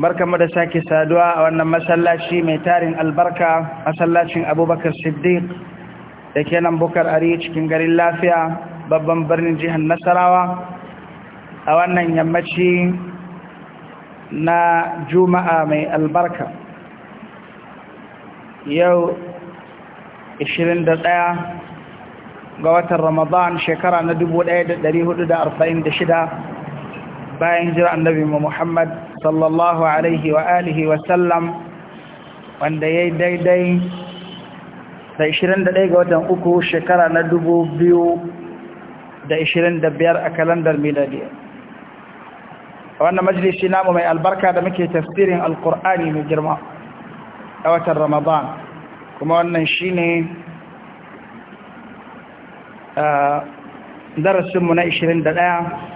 barkamu da sake saduwa a wannan masallaci mai tarin albarka masallacin abubakar siddiq da ke nan bukar ari cikin garin lafiya babban birnin jihar nasarawa a wannan yammaci na juma'a mai albarka yau 21 ga watan ramadan shekara na 1446 bayan jira annabi muhammad sallallahu alaihi wa alihi wa sallam wanda ya yi daidai da 21 ga watan uku shekara na 2025 a kalandar miladiya a wannan majalisi namu mai albarka da muke tafsirin alkur'ani mai girma a watan ramadan kuma wannan shi ne darasinmu na 21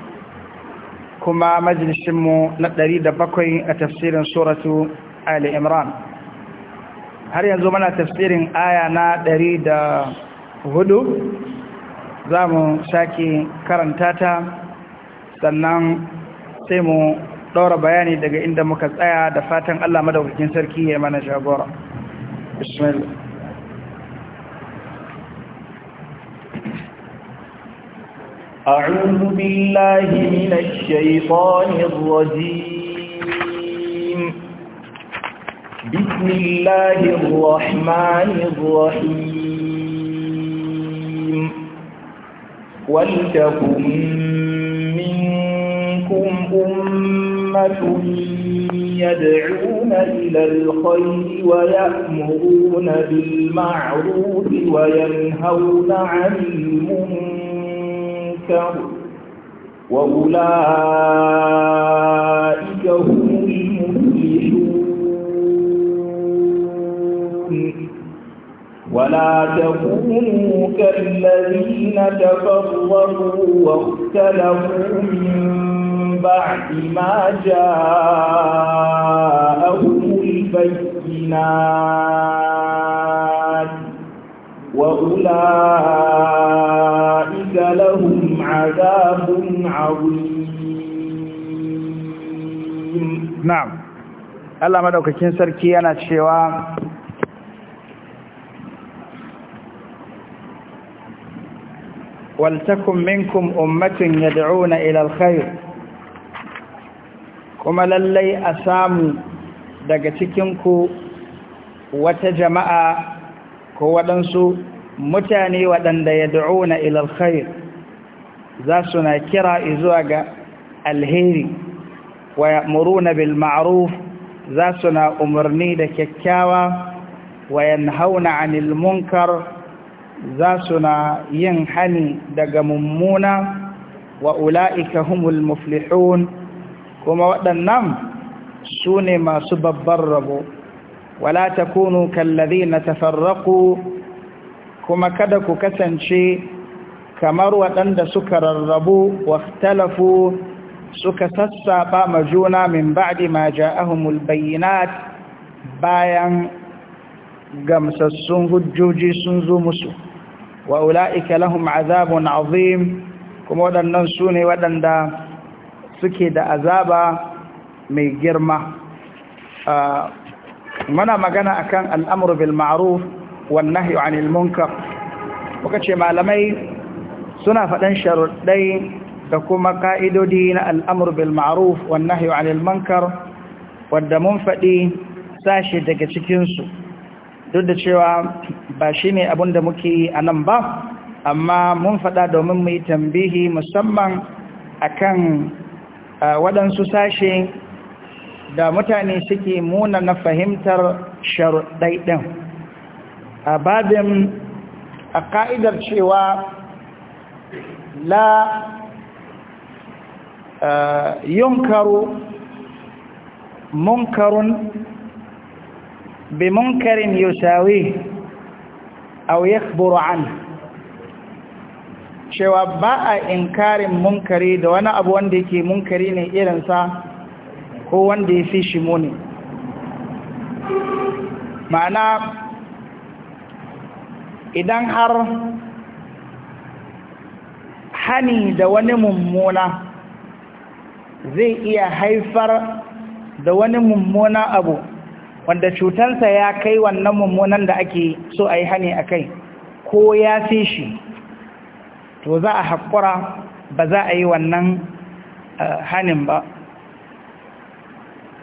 kuma majalisinmu na ɗari da bakwai a tafsirin suratu Ali Imran. Har yanzu mana tafsirin aya na ɗari da hudu za mu sake karanta ta sannan sai mu ɗaura bayani daga inda muka tsaya da fatan Allah madaukakin sarki ya mana jagora. Bismillah. أعوذ بالله من الشيطان الرجيم بسم الله الرحمن الرحيم ولتكن منكم أمة يدعون إلى الخير ويأمرون بالمعروف وينهون عن المنكر يذكر وأولئك هم المفلحون ولا تكونوا كالذين تفرقوا واختلفوا من بعد ما جاءهم البينات وأولئك أولئك لَهُمْ عَذَابٌ عَظِيمٌ نعم الله ما دوك كنسر كيانا تشيوا ولتكن منكم أمة يدعون إلى الخير kuma lallai a samu daga cikinku wata jama'a ko waɗansu mutane waɗanda ya da'una ilal khair za su na kira zuwa ga alheri wa ya'muruna bil ma'ruf za su na umarni da kyakkyawa wa yanhauna 'anil munkar za su na yin hani daga mummuna wa ula'ika humul muflihun kuma waɗannan su ne masu babbar rabo wala takunu na tafarraku kuma kada ku kasance kamar waɗanda suka rarrabu waktalafu suka sassaɓa ma juna min ba'di ma ja'ahumul bayyinat bayan gamsassun hujjoji sun zo musu wa ula'ika lahum azabun azim kuma waɗannan su ne waɗanda suke da azaba mai girma ah, muna magana akan al'amur bil ma'ruf wannahi wa nilmunkar muka malamai suna faɗin sharuɗai da kuma ƙa’idodi na al’amur bilmaruf wannahi wa nilmunkar wadda mun faɗi sashi daga cikinsu duk da cewa ba shine abun da muke a nan ba amma mun faɗa domin mai tambihi musamman a kan waɗansu sashi da mutane suke muna na fahimtar sharuɗai ɗin a babin a ka'idar cewa la yunkaru munkarun bi munkarin yusawi aw yakburu anhu cewa ba a inkarin munkari da wani abu wanda yake munkari ne irinsa ko wanda ya fi shi muni ma'ana idan har hani da wani mummuna zai iya haifar da wani mummuna abu wanda cutansa ya kai wannan mummunan da ake so a yi hani a kai ko ya fi shi to za a haƙura ba za a yi wannan eh, hanin ba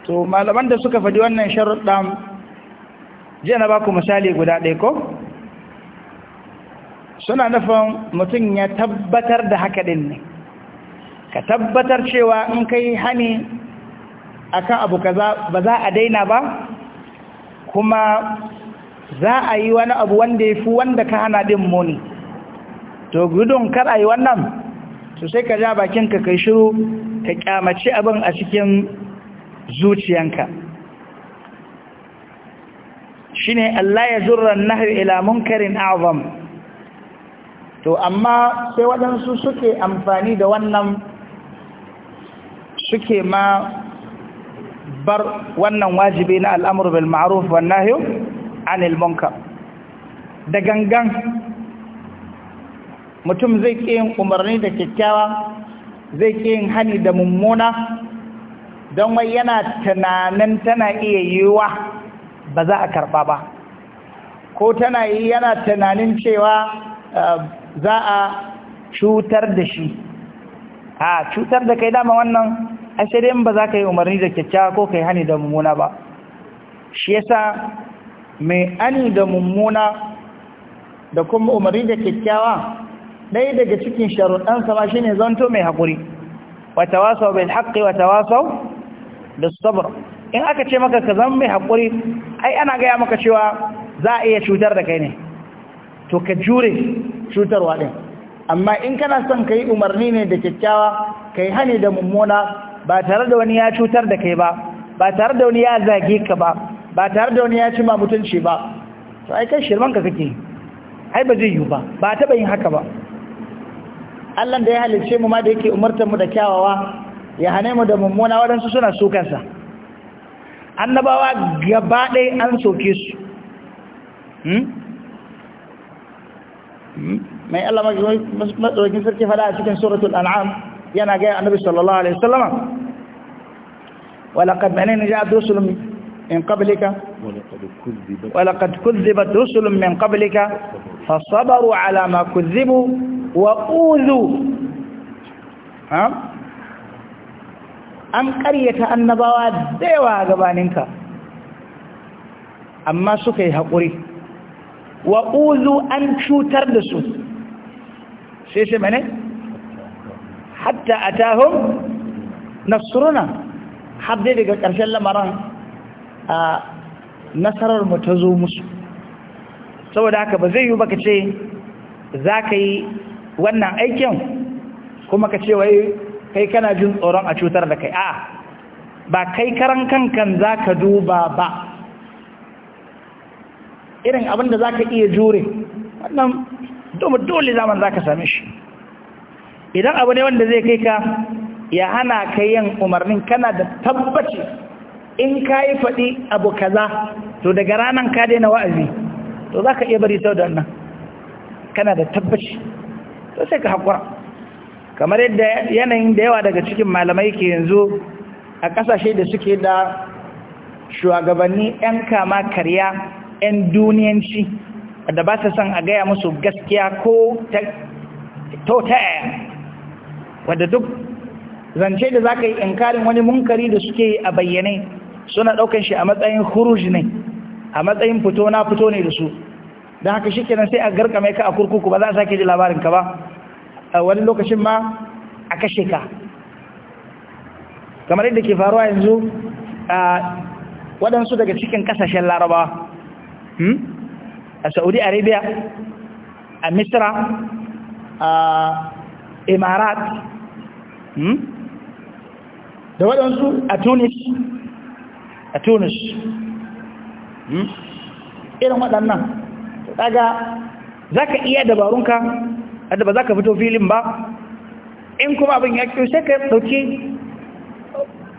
to malaman da suka faɗi wannan sharuɗa jiya na ba ku misali guda ɗaya ko? suna nufin mutum ya tabbatar da haka din ne ka tabbatar cewa in kai hani akan abu kaza ba za a daina ba kuma za a yi wani abu wanda ya fi wanda ka hana din muni to gudun kar a yi wannan to sai ka ja ka kai shiru ka kyamaci abin a cikin zuciyanka shine Allah ya zurra nahar ila munkarin azam to amma sai waɗansu suke amfani da wannan suke ma bar wannan wajibi na al'amur bil ma’aruf wa nahiyu anil munkar da gangan mutum zai ke yin umarni da kyakkyawa zai ke yin hani da mummuna don wai yana tunanin tana iya yiwuwa ba za a karɓa ba ko tana yi yana tunanin cewa eh, za a cutar da shi a cutar da kai dama wannan dai ba za ka yi umarni da kyakkyawa ko kai hani da mummuna ba shi yasa mai ani da mummuna da kuma umarni da kyakkyawa ɗaya daga cikin sharuɗansa ba shine zanto mai haƙuri wata wasau bai haƙƙi wata wasau da sabar in aka ce maka ka zama mai haƙuri ai ana gaya maka cewa za a iya cutar da kai ne to ka jure cutarwa ɗin amma in kana son ka yi umarni ne da kyakkyawa ka yi hane da mummuna ba tare da wani ya cutar da kai ba ba tare da wani ya zage ka ba ba tare da wani ya ci ma mutunci ba to ai kai shirman ka kake ai ba zai yi ba ba taɓa yin haka ba Allah da ya halice mu ma da yake umartar mu da kyawawa ya hane mu da mummuna waɗansu suna sukansa annabawa gaba ɗaya an soke su hmm? mai Allah madaukakin sarki fada a cikin suratul an'am yana ga annabi sallallahu alaihi wasallama walaqad manana ja'at rusulun min qablika walaqad kuzzibat rusulun min qablika fasabaru ala ma kuzzibu wa udhu ha an ƙaryata annabawa da yawa gabaninka amma suka yi haƙuri wa uzu an cutar da su sai sai mene hatta atahum nasruna har daga ƙarshen lamarin a nasarar mu ta zo musu saboda haka ba zai yi ba ka ce za ka yi wannan aikin kuma ka ce wai kai kana jin tsoron a cutar da kai A'a ba kai karan kankan za ka duba ba irin abin da za ka iya jure wannan domin dole zaman za ka same shi idan abu ne wanda zai kai ka ya hana ka yin umarnin kana da tabbaci in ka yi faɗi abu kaza to daga ranar ka daina wa'azi to za ka iya bari sau da wannan kana da tabbaci to sai ka haƙura kamar yadda yanayin da yawa daga cikin malamai ke yanzu a ƙasashe da suke da shugabanni 'yan kama karya 'yan duniyanci da ba su son a gaya musu gaskiya ko ta yaya wadda duk zance da za ka yi inkarin wani munkari da suke a bayyane suna ɗaukan shi a matsayin huruj ne a matsayin fito na fito ne da su don haka shi kenan sai a garkame ka a kurkuku ba za a sake ji labarinka ba a wani lokacin ma a kashe ka kamar yadda ke faruwa yanzu waɗansu daga cikin ƙasashen larabawa Hmm? a saudi arabia a misra a imarat hmm? da waɗansu a tunis a tunis hmm? irin waɗannan daga za ka iya dabarunka adda ba za ka fito filin ba in kuma abin ya kyau sai ka ɗauki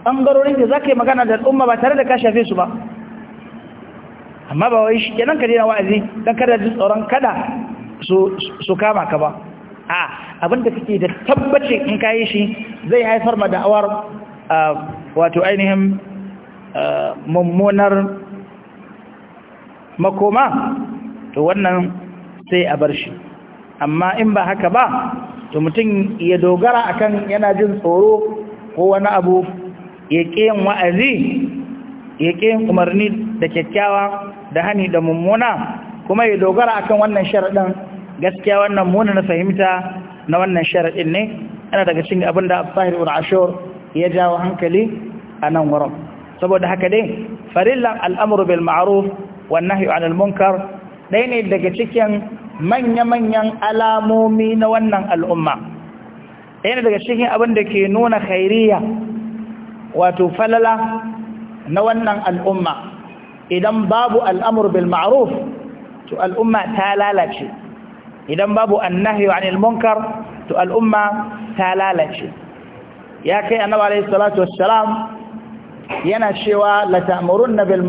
ɓangarorin da za ka yi magana da al'umma ba tare da ka shafe su ba amma ba wai shi kenan ka daina wa'azi dan kada ji tsoron kada su kama ka ba a abinda kake da tabbacin in kayi shi zai haifar ma da'awar wato ainihin mummunar makoma to wannan sai a bar shi amma in ba haka ba to mutum ya dogara akan yana jin tsoro ko wani abu ya yin wa'azi ya yin umarni da kyakkyawa da hani da mummuna kuma ya dogara akan wannan sharaɗin gaskiya wannan muna na fahimta na wannan sharaɗin ne yana daga cikin abin da abtahir ibn ya jawo hankali a nan wurin saboda haka dai farillan al'amuru bil ma'ruf wan nahyu 'anil munkar ɗaya ne daga cikin manya-manyan alamomi na wannan al'umma ɗaya daga cikin abin da ke nuna khairiyya wato falala na wannan al'umma idan babu al'amur bil to al'umma ta lalace idan babu annahi wa anil to al'umma ta lalace ya kai annabi alayhi salatu wassalam yana cewa la na bil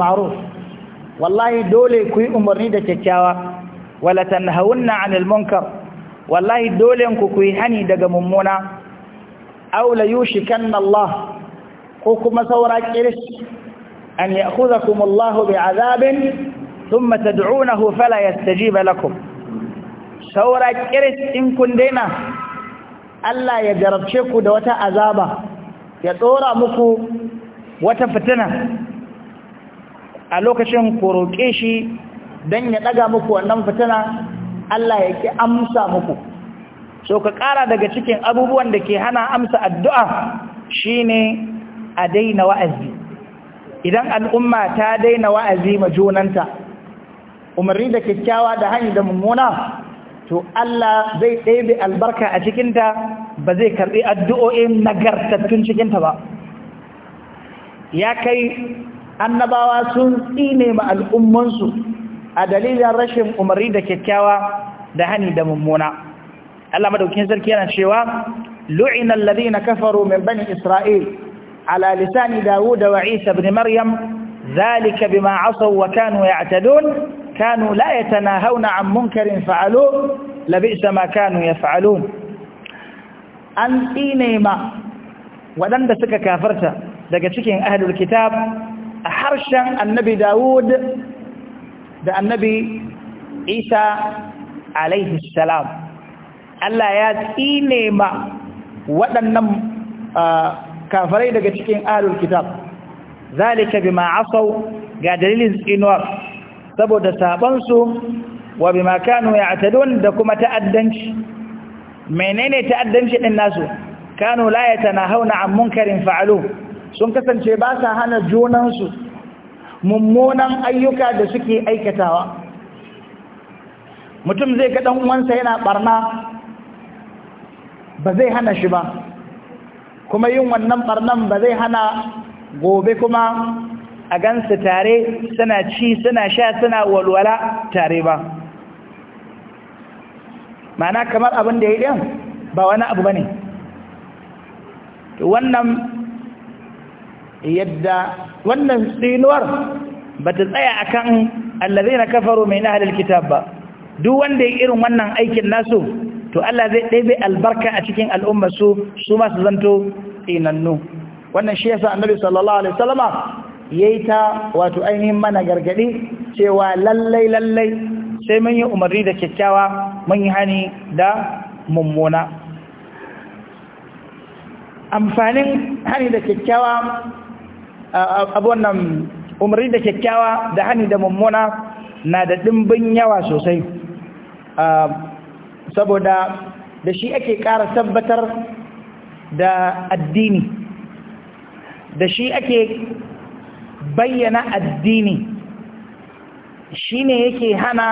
wallahi dole ku yi umarni da kyakkyawa wala tanhawunna anil munkar wallahi dole ku ku yi hani daga mummuna aw yushi yushikanna Allah ko kuma saura kiris An أن يأخذكم الله بعذاب ثم تدعونه فلا يستجيب لكم saura kiris in kun daina Allah ya jarabce ku da wata azaba ya tsora muku wata fitina a lokacin ku shi don ya ɗaga muku wannan fitina Allah ya ƙi amsa muku so ka ƙara daga cikin abubuwan da ke hana amsa addu'a shine a daina wa'azi idan al'umma ta daina wa'azi ma junanta umarni da kyakkyawa da hanyar da mummuna to Allah zai ɗebe albarka a cikinta ba zai karɓi addu'o'in nagartattun cikinta ba ya kai annabawa sun tsine ma al'ummansu a dalilin rashin umarni da kyakkyawa da hani da mummuna Allah madaukin sarki yana cewa lu'inal ladina kafaru min bani isra'il على لسان داود وعيسى بن مريم ذلك بما عصوا وكانوا يعتدون كانوا لا يتناهون عن منكر فعلوه لبئس ما كانوا يفعلون أن إينيما ودن دسك كافرت دقتك أهل الكتاب حرشا النبي داود دا النبي عيسى عليه السلام ألا يات إينيما ولن نم آه، kafarai daga cikin alul kitab zalika bima asaw ga dalilin tsinuwar saboda saban wa bima kanu ya'tadun da kuma ta'addanci menene ta'addanci din nasu kanu la yatanahawna an munkarin fa'alu sun kasance ba sa hana junan su mummunan ayyuka da suke aikatawa mutum zai ga dan uwansa yana barna ba zai hana shi ba kuma yin wannan barnan ba zai hana gobe kuma a gansu tare suna ci suna sha suna walwala tare ba mana kamar abin da ya ɗin ba wani abu ba ne wannan yadda wannan tsinuwar ba ta tsaya a kan allazai na kafaru mai na kitab ba duk wanda ya irin wannan aikin nasu to Allah zai ɗebe albarka a cikin al'umma su su masu zanto tsinannu wannan shi yasa annabi sallallahu alaihi wasallama yayi ta wato ainihin mana gargadi cewa lallai lallai sai mun yi umarni da kyakkyawa mun yi hani da mummuna amfanin hani da kyakkyawa abu wannan umarni da kyakkyawa da hani da mummuna na da ɗimbin yawa sosai saboda da shi ake ƙara tabbatar da addini da shi ake bayyana addini shi ne yake hana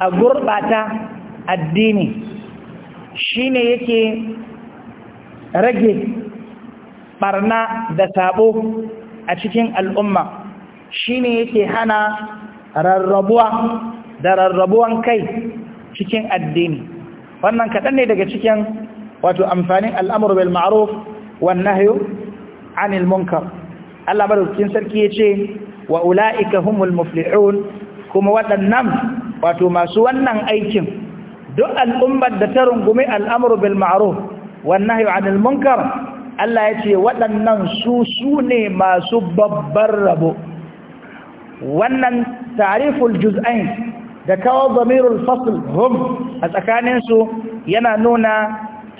a gurɓata addini shi ne yake rage ɓarna da sabo a cikin al'umma shi ne yake hana rarrabuwa da rarrabuwan kai cikin addini wannan kaɗan ne daga cikin wato amfanin al'amur bil ma'ruf wan nahyu anil munkar Allah madaukakin sarki yace wa ulaika humul muflihun kuma waɗannan wato masu wannan aikin duk al'ummar da ta rungumi al'amur bil ma'ruf wan nahyu anil munkar Allah yace waɗannan su su ne masu babbar rabo wannan tariful juz'ain da kawo zamirul fasl hum a tsakaninsu yana nuna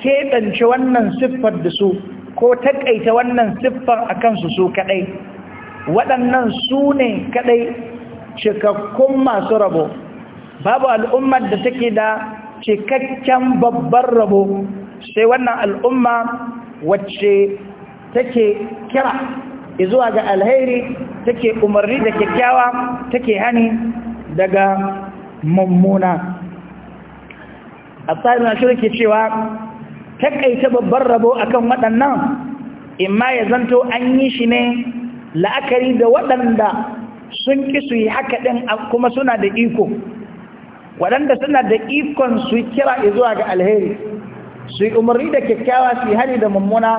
keɓance wannan siffar da su ko taƙaita wannan siffar a kansu su kaɗai waɗannan su ne kaɗai cikakkun masu rabo babu al'ummar da take da cikakken babban rabo sai wannan al'umma wacce take kira zuwa ga alheri take umarni da kyakkyawa take hani daga mummuna a tsarin ashirin ke cewa takaita babban rabo akan waɗannan imma ya zanto an yi shi ne la'akari da waɗanda sun ƙi su yi haka ɗin kuma suna da iko waɗanda suna da ikon su kira zuwa ga alheri su yi umarni da kyakkyawa su yi hari da mummuna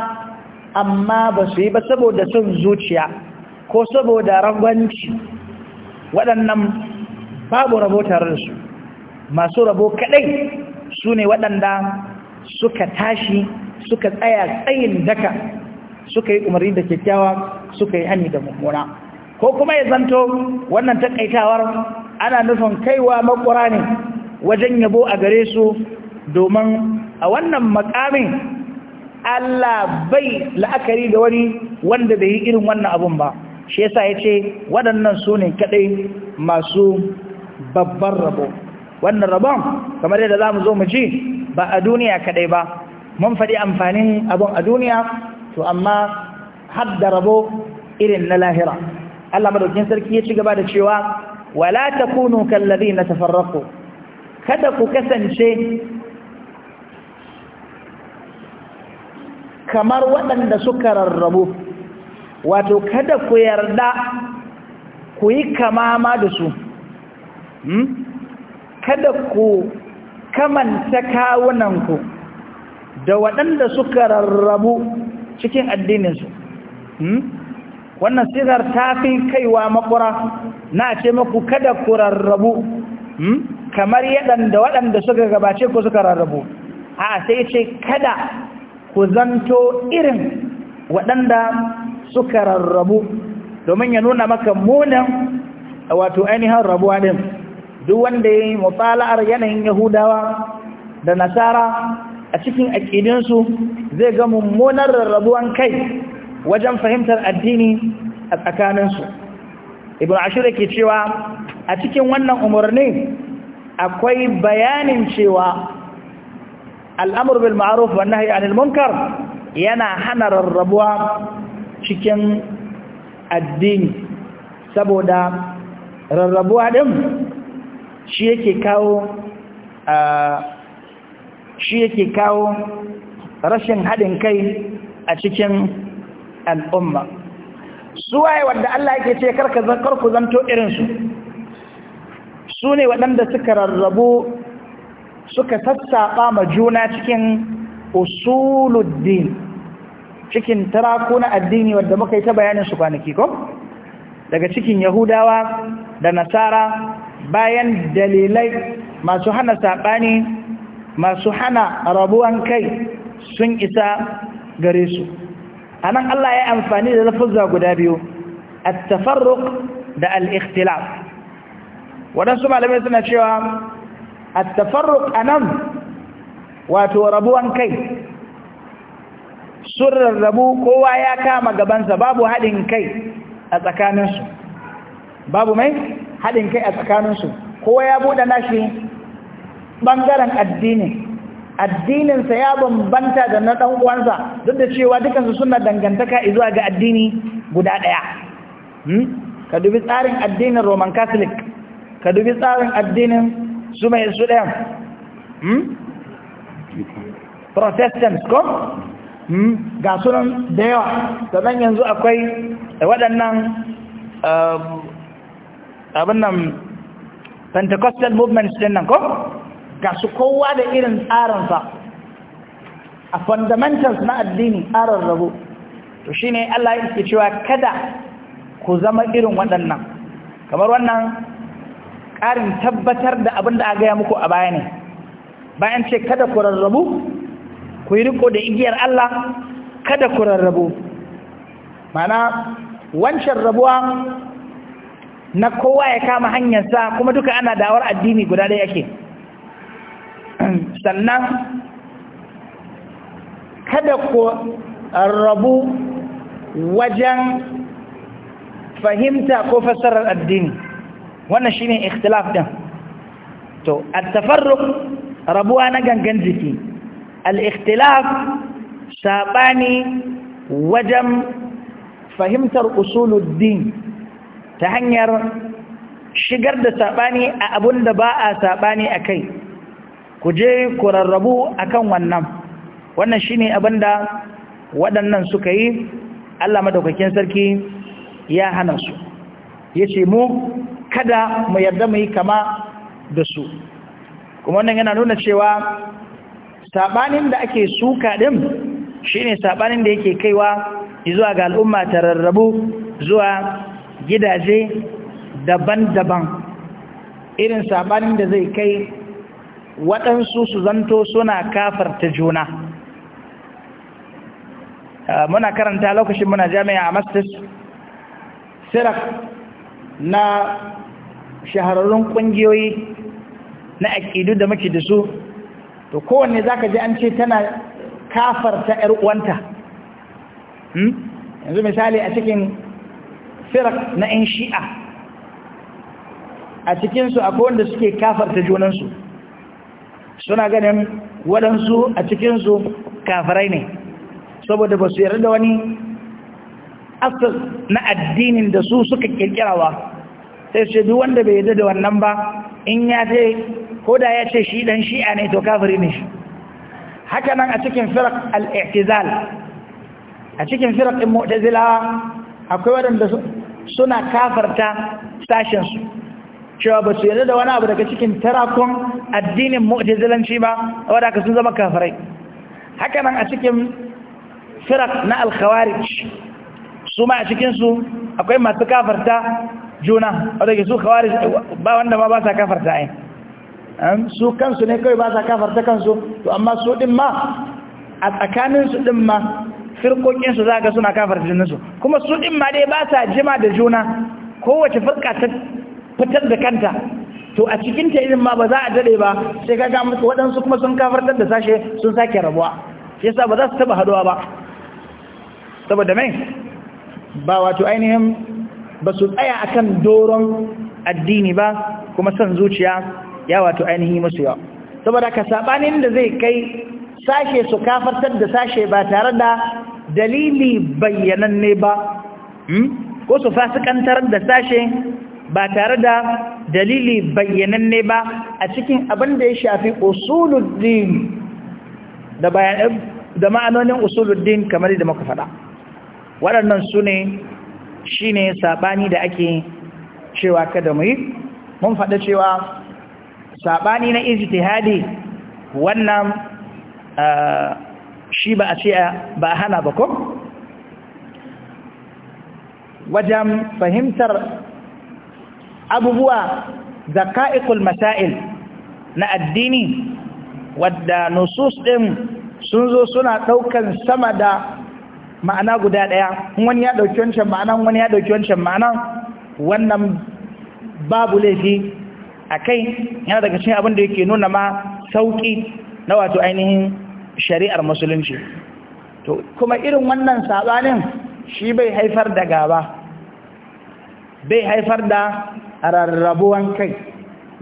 amma ba su yi ba saboda son zuciya ko saboda ragwanci waɗannan babu rabo tare da su masu rabo kadai su ne waɗanda suka tashi suka tsaya tsayin daka suka yi umarni da kyakkyawa suka yi hani da mummuna ko kuma ya zanto wannan takaitawar ana nufin kaiwa makwara ne wajen yabo a gare su domin a wannan makamin Allah bai la'akari da wani wanda bai yi irin wannan abun ba shi yasa ce waɗannan su ne kadai masu babban rabo wannan rabon kamar yadda za mu zo mu ji ba a duniya kadai ba mun faɗi amfanin abun a duniya to amma har da rabo irin na lahira Allah madaukin sarki ya ci gaba da cewa wala takunu na tafarraqu kada ku kasance kamar waɗanda suka rarrabu wato kada ku yarda ku yi kamama da su Hmm? kada ku kamanta kawunanku da waɗanda suka rarrabu cikin addininsu hmm? wannan sigar ta fi kaiwa makura na ce maku kada ku rarrabu hmm? kamar yadan da waɗanda suka gabace ku suka rarrabu a sai ce kada ku zanto irin waɗanda suka rarrabu domin ya nuna maka munin wato ainihin rabuwa ɗin duk wanda ya yi mutala'ar yanayin yahudawa da nasara a cikin aƙidinsu zai ga mummunar rarrabuwan kai wajen fahimtar addini a tsakaninsu ibn ashir ke cewa a cikin wannan umarni akwai bayanin cewa al'amur bil ma'aruf wa anil munkar yana hana rarrabuwa cikin addini saboda rarrabuwa din shi yake kawo shi yake kawo rashin haɗin kai a cikin al'umma Su waye wadda Allah yake ce karku zanto irinsu su ne waɗanda suka rarrabu suka sassaɓa ma juna cikin usuluddin cikin taraku na addini wadda muka yi ta bayanin su kwanaki ko daga cikin yahudawa da nasara bayan dalilai masu hana saɓani masu hana rabuwan kai sun isa gare su a nan Allah ya amfani da lafuzza guda biyu a tafarruk da al'ikhtilaf waɗansu malamai suna cewa a tafarruk anan wato rabuwan kai sun rarrabu kowa ya kama gabansa babu haɗin kai a tsakaninsu babu mai haɗin kai a tsakaninsu kowa ya buɗe nashi ɓangaren addini addininsa ya bambanta da na ɗan uwansa duk da cewa dukansu suna dangantaka izuwa ga addini guda ɗaya hmm? ka dubi tsarin addinin roman catholic ka dubi tsarin addinin su mai su ɗayan hmm? protestants ko hmm? ga sunan da yawa sannan yanzu akwai waɗannan um, abin nan pentecostal movements din nan ko ga su kowa da irin tsarinsa a fundamentals na addini tsarin rabu. to shine Allah yake cewa kada ku zama irin waɗannan kamar wannan ƙarin tabbatar da abin da aka gaya muku a baya ne bayan ce kada ku rarrabu ku yi riko da igiyar Allah kada ku rarrabu mana wancan rabuwa na kowa ya kama hanyarsa kuma duka ana dawar addini guda ɗaya ke. sannan kada ku rabu wajen fahimta ko fassarar addini wannan shine ikhtilaf din to at-tafarruq rabuwa na gangan jiki al-ikhtilaf sabani wajen fahimtar usuluddin ta hanyar shigar da saɓani a abun da ba a saɓani a kai ku je ku rarrabu a kan wannan wannan shi ne abin da waɗannan suka yi allah madaukakin sarki ya hana su ya ce mu kada mu yarda mu yi kama da su kuma wannan yana nuna cewa saɓanin da ake suka ɗin shi ne saɓanin da yake kaiwa zuwa ga al'umma ta rarrabu zuwa gidaje daban-daban irin sabanin da zai kai waɗansu su zanto suna kafarta juna muna karanta lokacin muna jami'a a mastis sirak na shahararrun ƙungiyoyi na aƙidu da muke da su to kowanne za ka ji an ce tana kafarta 'yar uwanta hmm? yanzu misali a cikin firak na ƴan shi'a a cikinsu akwai wanda suke kafarta junansu suna ganin waɗansu a cikinsu kafarai ne saboda ba su yarda da wani asir na addinin da su suka ƙirƙirawa, sai su yadda wanda bai yadda da wannan ba in ya ce ko da ya ce shi ɗan shi'a ne to kafiri ne shi haka nan a cikin firak al'ihtizal a cikin firak ɗin mu'tazilawa akwai waɗanda suna kafarta sashensu cewa ba su yarda da wani abu daga cikin tarakon addinin mu'tazilanci ba wadda ka sun zama kafirai haka nan a cikin firak na alkhawarij su ma a cikinsu akwai masu kafarta juna wadda ke su khawarij ba wanda ba ba sa kafarta ai su kansu ne kawai ba sa kafarta kansu to amma su din ma a tsakaninsu din ma firkokinsu za ga suna kafar junansu kuma su ɗin ma dai ba sa jima da juna kowace firka ta fitar da kanta to a cikin ta ma ba za a daɗe ba sai ka ga musu waɗansu kuma sun kafar da sashe sun sake rabuwa yasa ba za su taɓa haɗuwa ba saboda mai ba wato ainihin ba su tsaya akan doron addini ba kuma son zuciya ya wato ainihi musu yawa saboda ka saɓanin da zai kai sashe su kafartar da sashe ba tare da dalili bayyananne ba hmm? ko su fasikantar da sashe ba tare da dalili bayyananne ba a cikin abin da ya shafi usuluddin da bayanan da ma'anonin usuluddin kamar da muka faɗa waɗannan su ne shi ne saɓani da ake cewa kada mu yi mun faɗa cewa saɓani na ijtihadi wannan uh, shi ba a ce ba a hana ba ko wajen fahimtar abubuwa ka'ikul masail na addini wadda nusus ɗin sun zo suna ɗaukan sama da ma'ana guda ɗaya wani ya ɗauki wancan ma'ana wani ya ɗauki wancan ma'ana wannan babu laifi a kai yana daga cikin abin da yake nuna ma sauƙi na wato ainihin shari'ar musulunci to kuma irin wannan sabanin shi bai haifar da gaba bai haifar da rarrabuwan kai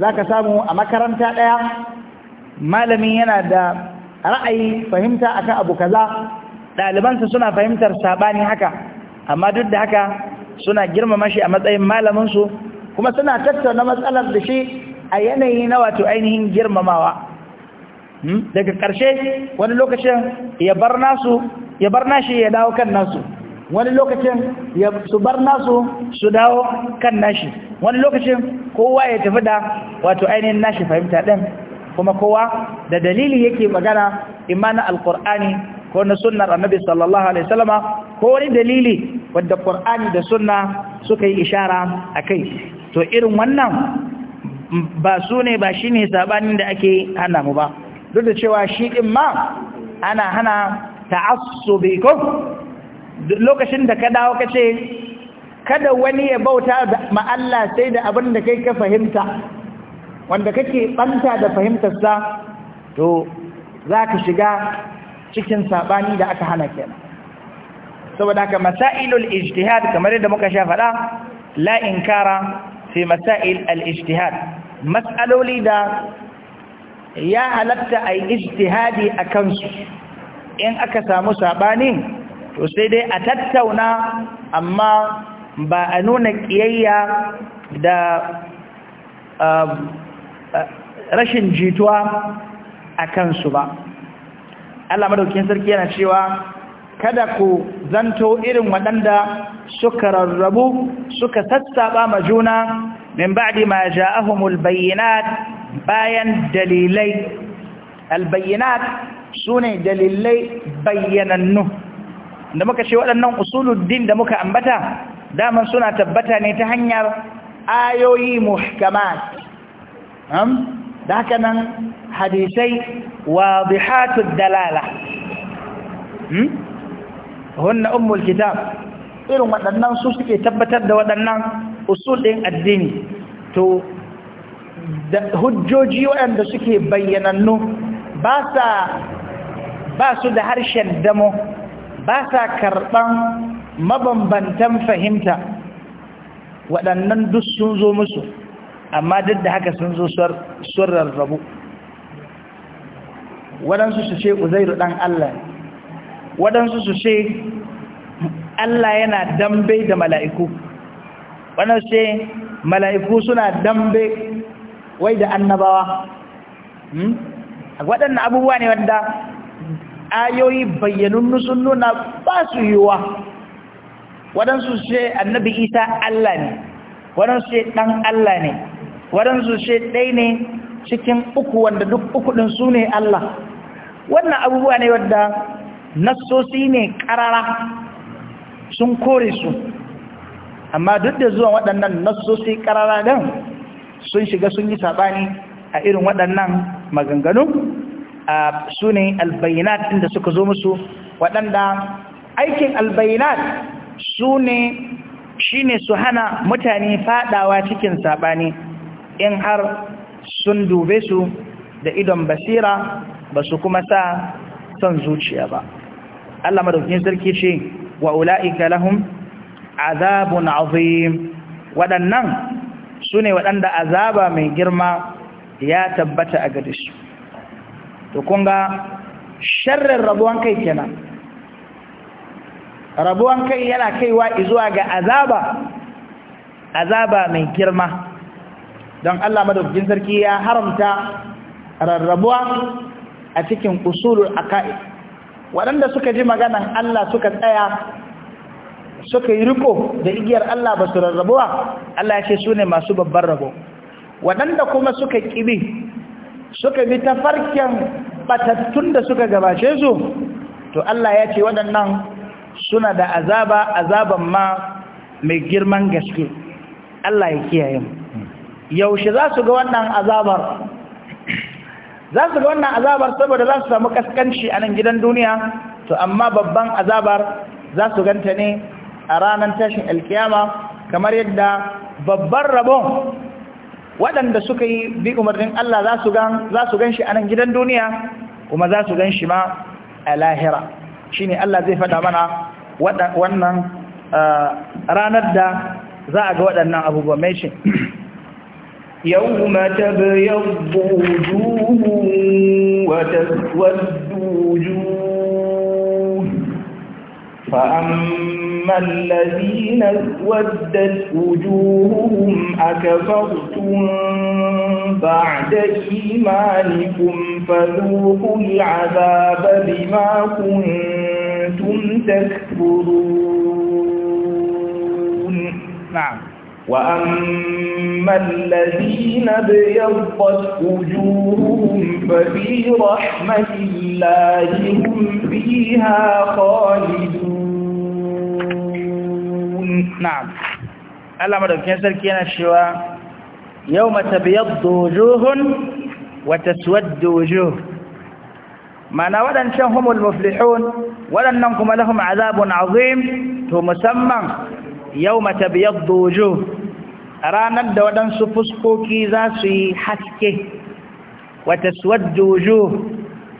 zaka samu a makaranta daya malami yana da ra'ayi fahimta akan abu kaza ɗalibansa suna fahimtar sabani haka amma duk da haka suna girmama shi a matsayin malaminsu kuma suna tattauna matsalar da shi a yanayi na wato ainihin girmamawa Hmm? daga ƙarshe wani lokacin ya bar nasu ya bar nashi ya dawo kan nasu wani lokacin ya su bar nasu su dawo kan nashi wani lokacin kowa ya tafi da wato ainihin nashi fahimta ɗin kuma kowa da dalili yake magana imanin alkur'ani ko na sunnar annabi sallallahu alaihi wasallama ko wani dalili wadda qur'ani da sunna suka yi ishara a kai to irin wannan ba su ne ba shine sabanin da ake hana mu ba duk da cewa shi ɗin ma ana hana ta'assubi ko lokacin da ka dawo ka ce kada wani ya bauta ma Allah sai da abin da kai ka fahimta wanda kake banta da fahimtarsa to za ka shiga cikin saɓani da aka hana kenan saboda haka masailul ijtihad kamar yadda muka sha faɗa la'inkara inkara fi masail al ijtihad matsaloli da ya halatta a yi ijtihadi a kansu in aka samu saɓani to sai dai a tattauna amma ba a nuna ƙiyayya da um, uh, rashin jituwa a kansu ba Allah madaukin sarki yana cewa kada ku zanto irin waɗanda suka rarrabu suka sassaɓa ma juna min ba'di ma ja'ahumul bayyinat bayan dalilai albayyanat su dalilai bayyanannu da muka ce waɗannan usuluddin da muka ambata daman suna tabbata ne ta hanyar ayoyi muhkamat da haka nan hadisai wadihatud dalala hmm? hunna ummul kitab irin waɗannan su suke tabbatar da waɗannan usul ɗin addini to da hujjoji waɗanda suke bayyanannu ba su da harshen damo ba sa karɓan mabambantan fahimta waɗannan duk sun zo musu amma duk da haka sun zo sun rarrabu waɗansu su ce uzairu ɗan Allah waɗansu su ce Allah yana dambe da mala'iku waɗansu ce mala'iku suna dambe wai da annabawa hmm? waɗannan abubuwa ne wanda ayoyi bayyanunnu sun nuna ba su yiwuwa waɗansu ce annabi isa Allah ne waɗansu ce ɗan Allah ne waɗansu ce ɗai ne cikin uku wanda duk uku ɗin su ne Allah wannan abubuwa ne wadda nassosi ne ƙarara sun kore su amma duk da zuwan waɗannan nassosi ƙarara ɗin sun shiga sun yi saɓani a irin waɗannan maganganu su ne albayinat inda suka zo musu waɗanda aikin albayinat su ne shi ne su hana mutane faɗawa cikin saɓani in har sun dube su da idon basira ba su kuma sa son zuciya ba Allah madaukakin sarki ce wa ula'ika lahum azabun azim waɗannan su ne waɗanda azaba mai girma ya tabbata a gare su to kunga sharrin rabuwan kai kenan rabuwan kai yana kaiwa zuwa ga azaba azaba mai girma don Allah madaukakin sarki ya haramta rarrabuwa a cikin usulul aqaid waɗanda suka ji maganan Allah suka tsaya suka yi riko da igiyar Allah ba su rarrabuwa Allah ya ce su ne masu babban rabo waɗanda kuma suka ƙibi suka bi ta farken batattun da suka gabace su to Allah ya ce waɗannan suna da azaba azaban ma mai girman gaske Allah ya kiyaye mu yaushe za su ga wannan azabar za su ga wannan azabar saboda za su samu kaskanci a nan gidan duniya to amma babban azabar za su ganta ne a ranar tashin alkiyama kamar yadda babban rabon waɗanda suka yi bi umarnin Allah za su gan shi a nan gidan duniya kuma za su gan shi ma a lahira shi ne Allah zai faɗa mana wannan ranar da za a ga waɗannan abubuwan mai shi يوم تبيض وجوه wata وجوه فأما أما الذين اسودت وجوههم أكفرتم بعد إيمانكم فذوقوا العذاب بما كنتم تكفرون نعم وأما الذين ابيضت وجوههم ففي رحمة الله هم فيها خالدون na'am Allah madaukakin sarki yana cewa yawma tabyaddu wujuhun wa taswaddu mana waɗancan humul muflihun waɗannan kuma lahum azabun azim to musamman yau tabyaddu dojo. ranar da waɗansu fuskoki za su yi haske wa taswaddu wujuh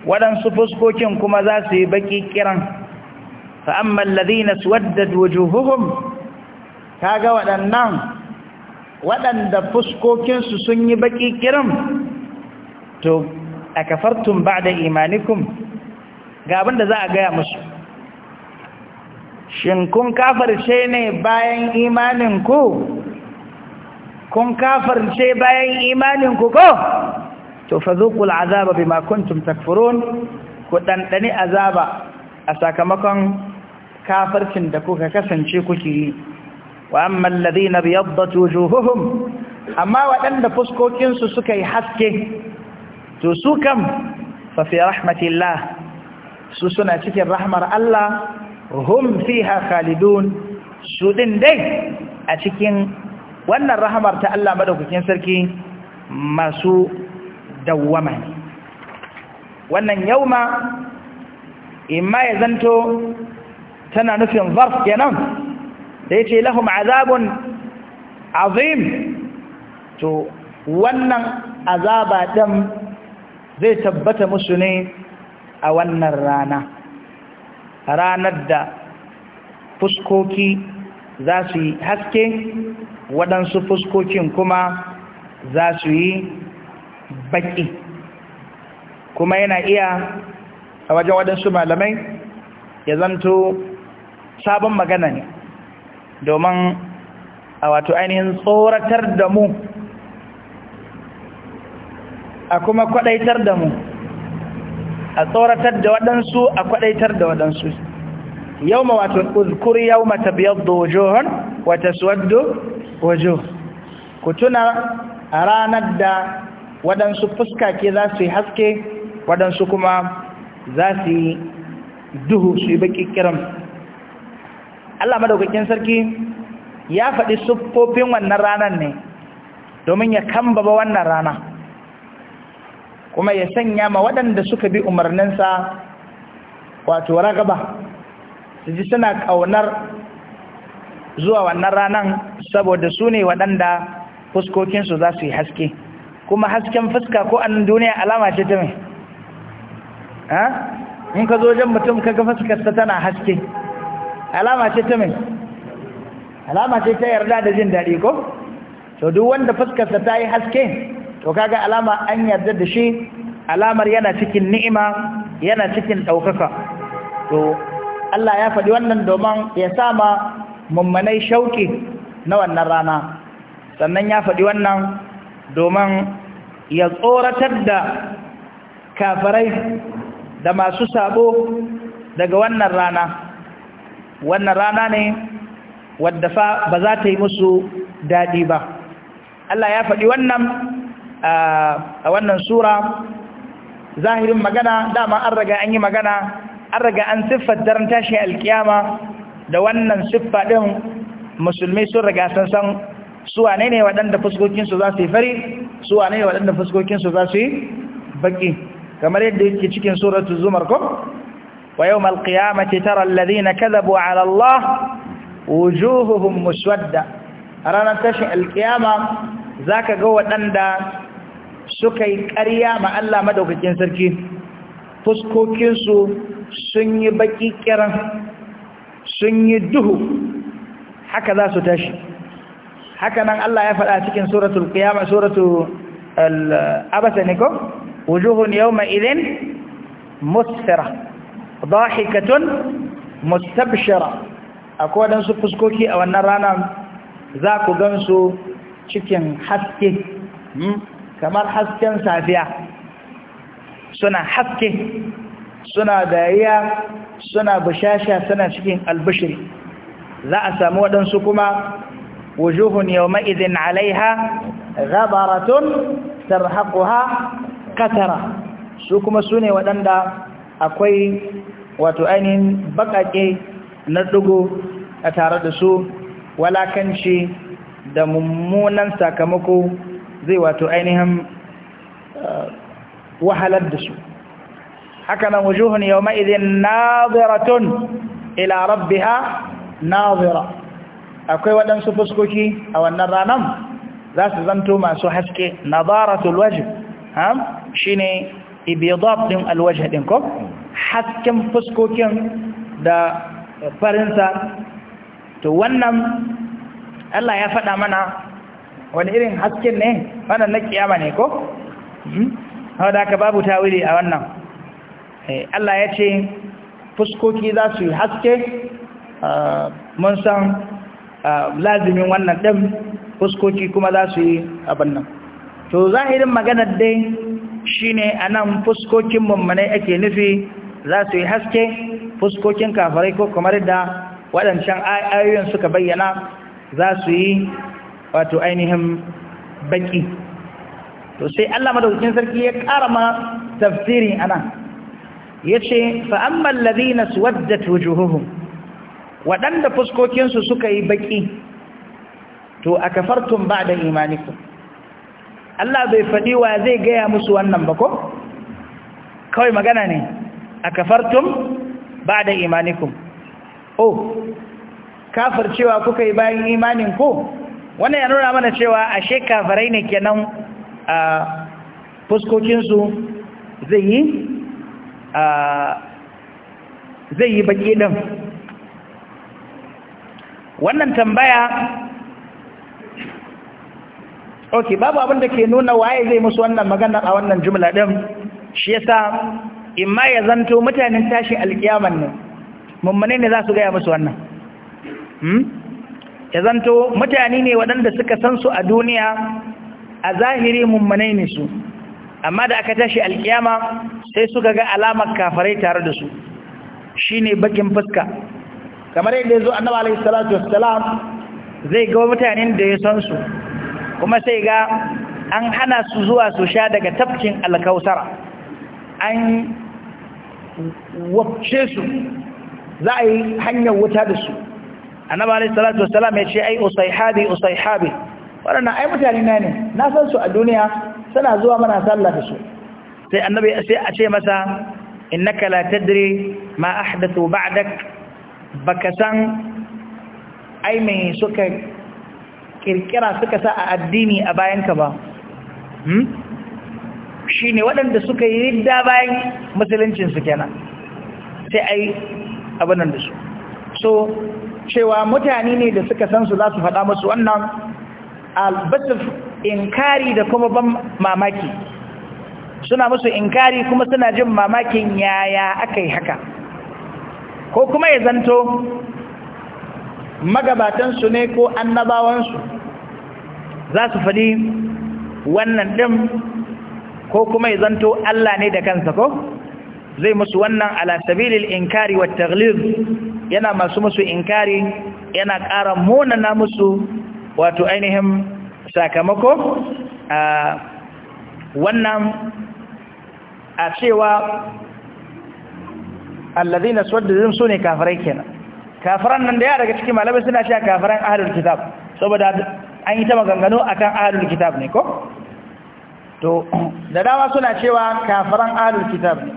wadansu fuskokin kuma za su yi baki kiran fa amma alladhina swaddat wujuhuhum kaga waɗannan waɗanda fuskokinsu sun yi baƙi kiran to a kafartun ba da imanikun, ga abin da za a gaya musu shin kun kafarce ne bayan imaninku kun kafarce bayan imaninku ko to fa zuƙu azaba bi kuntum takfurun ku ɗanɗani azaba a sakamakon kafarcin da kuka kasance kuke yi wa amma alladhina biyaddat wujuhuhum amma waɗanda fuskokinsu suka yi haske to su kam fa fi rahmatillah su suna cikin rahmar Allah hum fiha khalidun su din dai a cikin wannan rahmar ta Allah madaukakin sarki masu dawwama ne wannan yauma imma ya zanto tana nufin zarf kenan sai ce lahum azabun azim to wannan azaba ɗin zai tabbata musu ne a wannan rana ranar da fuskoki za su yi haske waɗansu fuskokin kuma za su yi baƙi kuma yana iya a wajen waɗansu malamai ya zanto sabon magana ne domin a wato ainihin tsoratar da mu a kuma kwadaitar da mu a tsoratar da waɗansu a kwadaitar da waɗansu yau ma wato uzkur yau ma tabiyar da wajohon wata suwaddo wajo ku tuna a ranar da waɗansu fuska ke za su yi haske waɗansu kuma za su yi duhu su yi baƙi kiran Allah madaukakin sarki ya faɗi siffofin wannan ranar ne domin ya kambaba wannan rana kuma ya sanya ma waɗanda suka bi umarninsa wato ragaba su ji suna kaunar zuwa wannan ranan saboda su ne waɗanda fuskokinsu za su yi haske kuma hasken fuska ko an duniya alama ce ta mai in ka zo jan mutum kaga ta tana haske alama ce ta mai alama ce ta yarda da jin daɗi ko to duk wanda fuskarsa ta yi haske to kaga alama an yarda da shi alamar yana cikin ni'ima yana cikin ɗaukaka to Allah ya faɗi wannan domin ya sama mummanai shauƙi na wannan rana sannan ya faɗi wannan domin ya tsoratar da kafarai da masu sabo daga wannan rana wannan rana ne wadda fa ba za ta yi musu daɗi ba Allah ya faɗi wannan a wannan sura zahirin magana dama an raga an yi magana an raga an siffar daren tashin alkiyama da wannan siffa ɗin musulmi sun raga sun san suwa ne ne waɗanda fuskokinsu za su yi fari suwa ne waɗanda fuskokinsu za su yi baƙi kamar yadda yake cikin suratu zumar ko ويوم القيامة ترى الذين كذبوا على الله وجوههم مسودة رانا تشع القيامة ذاك قوة أندى سكي كريا ما ألا مدوك الجنسركي فسكو كنسو سني بكي كرا سني دهو هكذا ستشي هكذا الله يفعل أتكين سورة القيامة سورة الأبسة نكو وجوه يومئذ مسفرة dhahikatun mustabshira akwai wadansu fuskoki a wannan rana za ku gansu cikin haske kamar hasken safiya suna haske suna dariya suna bishasha suna cikin albishiri za a samu waɗansu kuma wujuhun yawma idin alaiha gabaratun tarhaquha katara su kuma su ne waɗanda akwai wato ainihin baƙaƙe na ɗigo a tare da su walakanci da mummunan sakamako zai wato ainihin eh, wahalar da su haka nan wujuhun yau ma'izin naziratun ila nazira akwai waɗansu fuskoki a wannan ranar za su zanto masu haske nazaratul wajib shi ne ibidab din alwajh din ko hasken fuskokin da farinsa to wannan Allah ya faɗa mana wani irin hakkin ne wannan na kiyama ne ko hau hmm? da aka babu tawili a wannan eh, Allah ya ce fuskoki za su yi haske ah, mun san ah, lazimin wannan ɗin fuskoki kuma za su yi abin nan to zahirin maganar dai Shi ne a nan fuskokin mummunai ake nufi za su yi haske fuskokin kafarai, ko kamar da waɗancan ayoyin suka bayyana za su yi wato ainihin baki to sai Allah madaukakin sarki ya ƙara ma tafsiri anan yace fa ammal ladina suwaddat wujuhuhum waɗanda fuskokinsu suka yi baƙi to ba da imanikum Allah bai faɗi wa zai gaya musu wannan ba ko kawai magana ne a kafartum ba da imanikum oh kafar cewa kuka yi bayan imanin ko. wannan ya nuna mana cewa ashe kafarai ne kenan a fuskokinsu zai yi a zai yi baki ɗin wannan tambaya ok babu abin da ke nuna waye zai musu wannan magana a wannan jumla ɗin shi ya in ma ya zanto mutanen tashi alkiyaman ne mummune ne za su gaya musu wannan hmm? ya zanto mutane ne waɗanda suka san su a duniya a zahiri mummune ne su amma da aka tashi alkiyama sai suka ga alamar kafarai tare da su Shi ne bakin fuska kamar yadda ya zo annabi alaihi salatu salam zai ga mutanen da ya san su kuma sai ga an hana su zuwa su sha daga tafkin alkausara an wace su za a yi hanyar wuta da su annaba alayhi salatu wassalam ya ce ai usaihabi usaihabi waɗannan ai mutane na ne na san su a duniya suna zuwa mana sallah da su sai annabi sai a ce masa innaka la tadri ma ahdathu ba'dak baka san ai me suka kirkira suka sa a addini a bayanka ba hmm? shi ne waɗanda suka yi ridda bayan musuluncinsu kenan sai a yi abinan da su so cewa mutane ne da suka san su za su faɗa musu wannan albatif inkari da kuma ban mamaki suna musu inkari kuma suna jin mamakin yaya aka yi haka ko kuma ya zanto magabatansu ne ko annabawansu za su faɗi wannan ɗin ko kuma ya zanto Allah ne da kansa ko zai musu wannan ala sabilil inkari wa taghlib yana masu musu inkari yana ƙara munana musu wato ainihin sakamako a wannan a cewa allazina suwaddazin su ne kafirai kenan kafiran nan da yawa daga cikin malamai suna cewa kafiran ahlul kitab saboda an yi ta maganganu akan ahlul kitab ne ko to da dama suna cewa kafiran ahlul kitab ne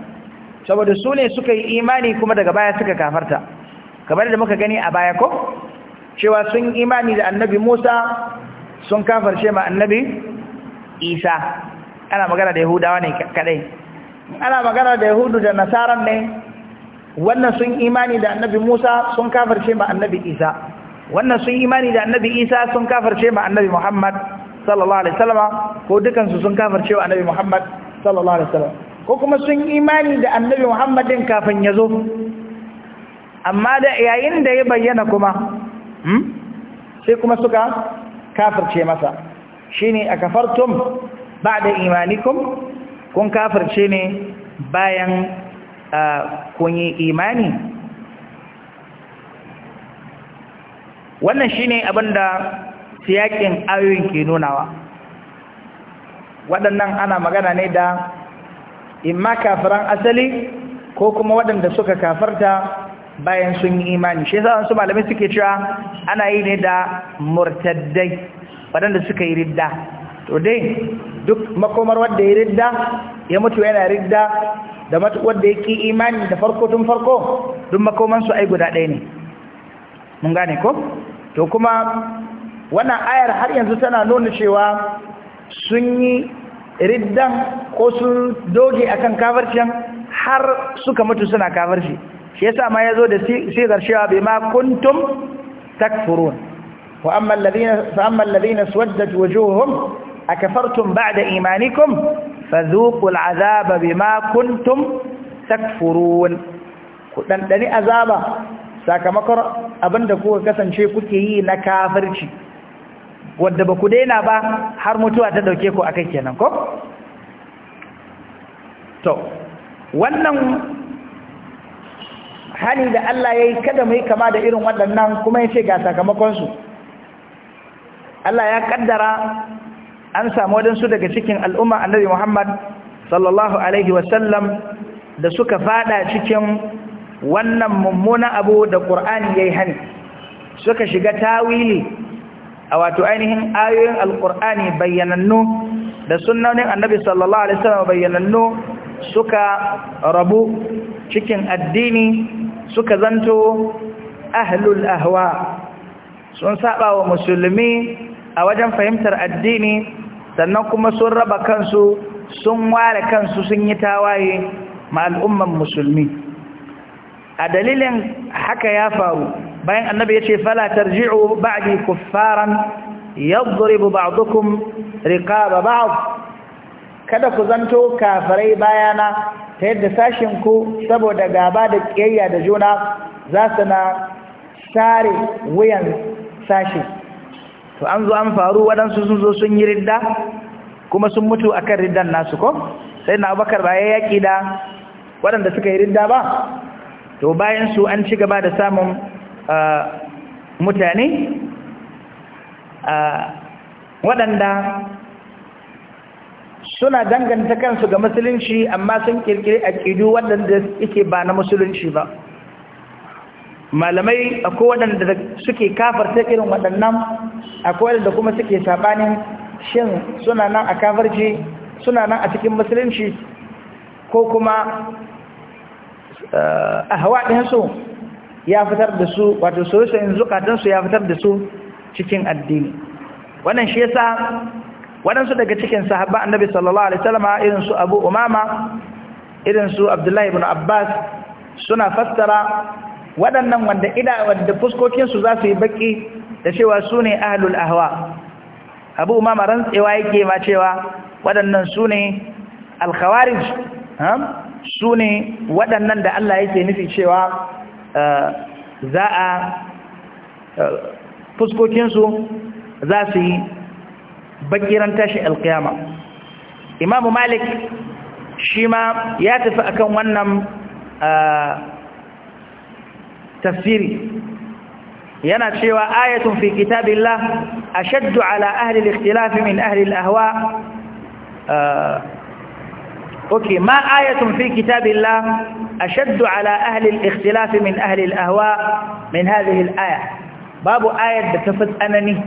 saboda su ne suka yi imani kuma daga baya suka kafarta kamar da muka gani a baya ko cewa sun imani da annabi Musa sun kafarce ma annabi Isa ana magana da Yahudawa ne kadai ana magana da Yahudu da Nasaran ne wannan sun imani da annabi Musa sun kafarce ma annabi Isa wannan sun imani da annabi Isa sun kafarce ma annabi Muhammad sallallahu alaihi wasallam ko dukansu sun kafarce wa annabi Muhammad sallallahu alaihi wasallam ko kuma sun imani da annabi Muhammadin kafin ya zo amma da yayin da ya bayyana kuma hmm, sai kuma suka kafarce masa shine akafartum da imanikum kun kafarce ne bayan kun yi imani wannan shine abin da siyakin ayoyin ke nunawa waɗannan ana magana ne da imma kafiran asali ko kuma waɗanda suka kafarta bayan sun yi imani shi yasa wasu malamai suke cewa ana yi ne da murtaddai waɗanda suka yi ridda to dai duk makomar wanda ya ridda ya mutu yana ridda da matuƙar da ya ki imani da farko tun farko duk makomansu ai guda ɗaya ne mun gane ko to kuma wannan ayar har yanzu tana nuna cewa sun yi riddan ko sun doge akan kafarcin har suka mutu suna kafarci shi yasa ma zo da sigar cewa bai ma kuntum takfurun wa amma alladhina fa amma alladhina swaddat wujuhum akafartum ba'da imanikum fadhuqul azaba bima kuntum takfurun ku dan dani azaba sakamakon abinda kuka kasance kuke yi na kafirci wanda ba ku daina ba har mutuwa ta dauke ku akai kenan ko to wannan hali da Allah yayi kada mu yi kama da irin waɗannan kuma yace ce ga sakamakonsu Allah ya kaddara an samu wadansu daga cikin al'umma annabi Muhammad sallallahu alaihi wasallam da suka fada cikin wannan mummuna abu da Qur'ani yayi hani suka shiga tawili a wato ainihin ayoyin alqur'ani bayyanannu da sunanin annabi sallallahu alaihi wasallam bayyanannu suka rabu cikin addini suka zanto ahlul ahwa sun saba wa musulmi a wajen fahimtar addini sannan kuma sun raba kansu sun ware kansu sun yi tawaye ma al'umman musulmi a dalilin haka ya faru bayan annabi ya ce fala tarji'u ba'di kuffaran yadribu ba'dukum riqaba ba. kada ku zanto kafarai bayana ta yadda sashinku ku saboda gaba da kiyayya da juna za su na sare wuyan sashe. to an zo an faru waɗansu sun zo sun yi ridda kuma sun mutu a kan riddan nasu ko sai na abakar ba ya yaƙi da waɗanda suka yi ridda ba to bayan su an ci gaba da samun mutane waɗanda suna danganta kansu ga musulunci amma sun kirkiri ƙidu waɗanda yake ba na musulunci ba malamai akwai waɗanda suke kafarta irin waɗannan akwai waɗanda kuma suke saɓanin shin suna nan a kafarci suna nan a cikin musulunci ko kuma eh, a hawa ɗinsu ya fitar da su wato solution zukatansu ya fitar da su cikin addini wannan shi yasa waɗansu daga cikin sahaba annabi sallallahu alaihi wasallam irin su abu umama irin su abdullahi ibn abbas suna fassara waɗannan wanda wanda fuskokinsu za su yi baki da cewa su ne ahlul ahwa abu umama rantsewa yake ma cewa waɗannan su ne alkhawarij su ne waɗannan da Allah yake nufi cewa eh, za a eh, fuskokinsu za su yi bakiran tashi alkiyama imamu malik shi ma ya tafi akan wannan eh, tafsiri yana cewa ayatun fi kitabillah ashaddu ala ahli al-ikhtilaf min ahli al-ahwa اوكي ما آية في كتاب الله أشد على أهل الاختلاف من أهل الأهواء من هذه الآية باب آية تفت أنني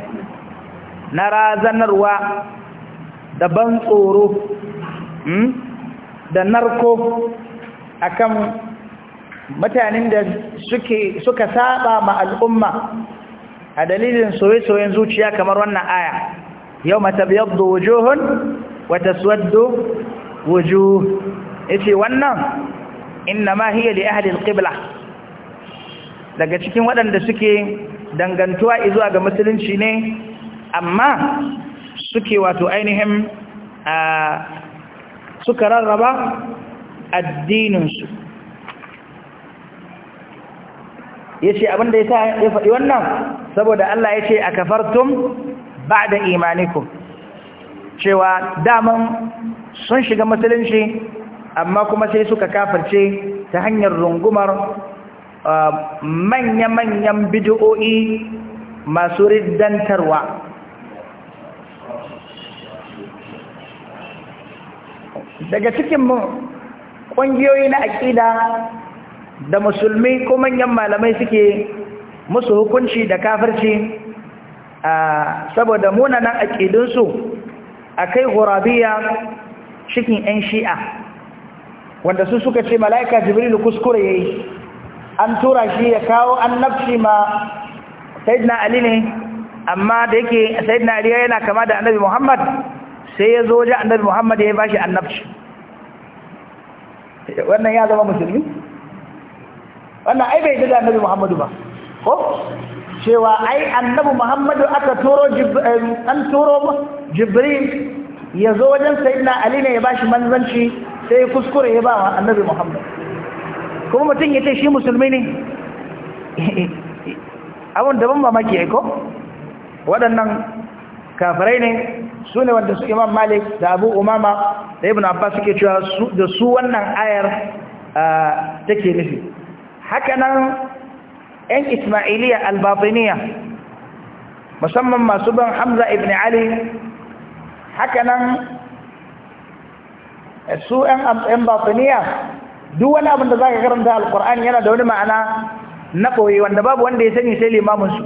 نرى ذنروا دبن صورو دنركو أكم mutanen da suka saba ma al'umma a dalilin soye-soyen zuciya kamar wannan aya yau da wujuhun wata suwaddo wujuh yace wannan inna ma hiya li ahli al daga cikin waɗanda suke dangantuwa izuwa ga musulunci ne amma suke wato ainihin suka rarraba addininsu Ya abin da yasa ya faɗi wannan saboda Allah ya ce a kafartum ba da imanikun cewa daman sun shiga musulunci amma kuma sai suka kafarce ta hanyar rungumar uh, manya-manyan bidu'o'i masu riddantarwa daga cikin mu ƙungiyoyi na aƙida da musulmi ko manyan malamai suke musu hukunci da kafirci saboda munanan aƙidunsu a kai hurabiya cikin 'yan shi'a wanda su suka ce mala'ika jibrilu kuskure ya yi an tura shi ya kawo annabci ma sayidina ali ne amma da yake sayidina ali yana kama da annabi muhammad sai ya zo wajen annabi muhammad ya bashi shi annabci wannan ya zama musulmi wannan ai bai daga annabi Muhammadu ba ko cewa ai annabi Muhammadu aka turo eh, an turo Jibril ya zo wajen sayyidina Ali ne ya bashi manzanci sai ya kuskure ya ba wa annabi Muhammad kuma mutum ya ce shi musulmi ne abin daban mamaki ko. waɗannan kafirai ne su ne wanda su imam malik da abu umama da ibn abbas suke cewa da su wannan ayar ah, take nufi hakanan 'yan ismailiyya albatiniya musamman masu ban hamza ibn ali hakanan su 'yan batiniya duk wani abin da za ka karanta alkur'ani yana da wani ma'ana na ɓoye wanda babu wanda ya sani sai limaminsu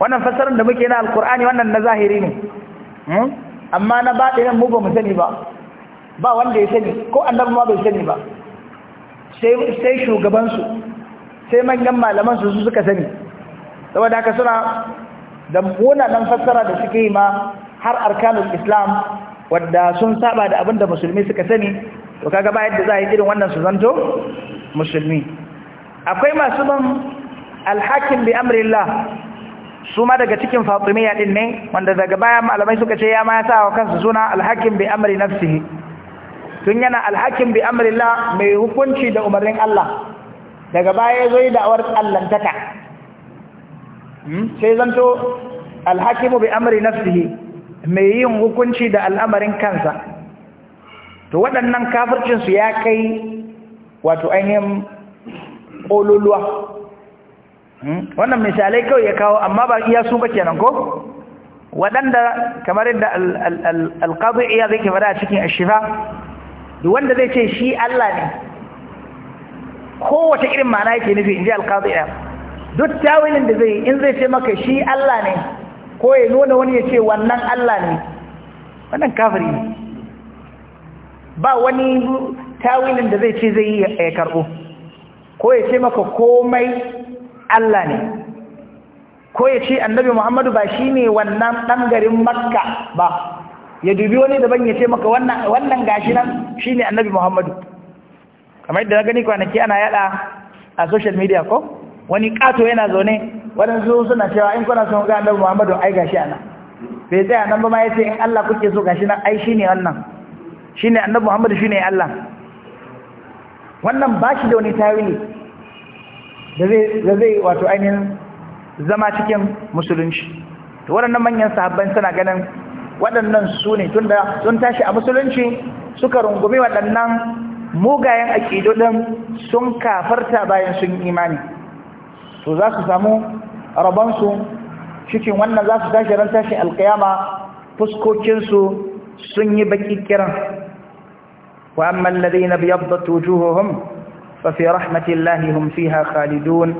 wannan fassarar da muke na alkur'ani wannan na zahiri ne hmm? amma na baɗinin mu ba mu sani ba ba wanda ya sani ko annabi ma bai sani ba sai shugabansu sai manyan malamansu su suka sani saboda haka suna da munanan fassara da suke yi ma har arkanul islam wadda sun saba da abinda musulmi suka sani to kaga ba yadda za a yi irin wannan su zanto musulmi akwai masu ban alhakin bi amrillah su ma daga cikin fatimiyya din ne wanda daga baya malamai suka ce ya ma ya sa wa kansu suna alhakin bi amri nafsihi tun yana alhakin bi amrillah mai hukunci da umarnin Allah daga baya zo yi da'awar allantaka hmm? sai zanto alhakimu bi amri nafsihi mai yin hukunci da al'amarin kansa to waɗannan kafircinsu ya kai wato ainihin ƙololuwa hmm? wannan misalai kawai ya kawo amma ba iya su ba kenan ko waɗanda kamar yadda alƙazi iya zai ke a cikin ashifa duk wanda zai ce shi Allah ne kowace irin ma'ana yake nufi in ji alƙazi ɗaya duk tawilin da zai in zai ce maka shi Allah ne ko ya nuna wani ya ce wannan Allah ne wannan kafiri ba wani tawilin da zai ce zai yi ya karɓo ko ya ce maka komai Allah ne ko ya ce annabi Muhammadu ba shi ne wannan ɗan garin Makka ba ya dubi wani daban ya ce maka wannan gashi nan shine annabi Muhammadu kamar yadda na gani kwanaki ana yada a social media ko wani kato yana zaune waɗansu suna cewa in kuna son ga annabi Muhammadu ai gashi ana bai tsaya nan ba ma ce in Allah kuke so gashi nan ai shine wannan shine annabi Muhammadu shine Allah wannan bashi da wani tawili da zai da zai wato ainihin zama cikin musulunci to waɗannan manyan sahabban suna ganin waɗannan su ne tunda sun tashi a musulunci suka rungumi waɗannan mugayen aƙidodin sun kafarta bayan sun imani to za su samu rabonsu cikin wannan za su tashi ran tashi alƙiyama fuskokinsu sun yi baƙi kiran وأما الذين ابيضت وجوههم ففي رحمة الله هم فيها خالدون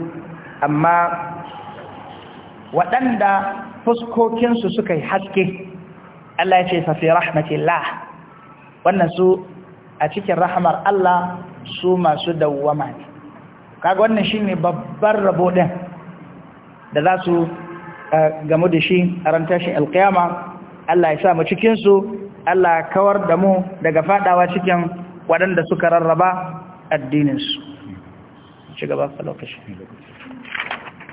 amma waɗanda fuskokinsu suka yi haske Allah ya ce fa fi rahmatillah wannan su a cikin rahmar Allah su masu dawwama ne kaga wannan shine babbar rabo din da za su eh, gamu da shi a ran tashin alqiyama Allah ya sa mu cikin su Allah kawar da mu daga fadawa cikin waɗanda suka rarraba addinin su ci gaba lokaci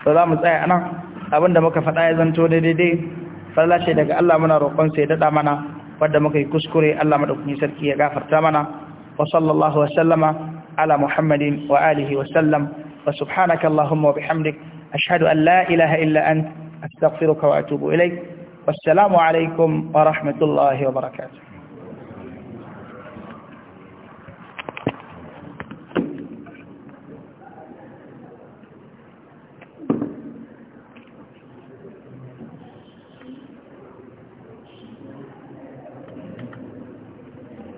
to za mu tsaya nan abinda muka faɗa ya zanto daidai falla daga Allah muna roƙon sai dada mana wanda muka yi kuskure Allah madaukakin sarki ya gafarta mana wa sallallahu wa sallama ala muhammadin wa alihi wa sallam wa subhanaka allahumma wa bihamdik ashhadu an la ilaha illa ant astaghfiruka wa atubu ilaik wassalamu alaikum wa rahmatullahi wa barakatuh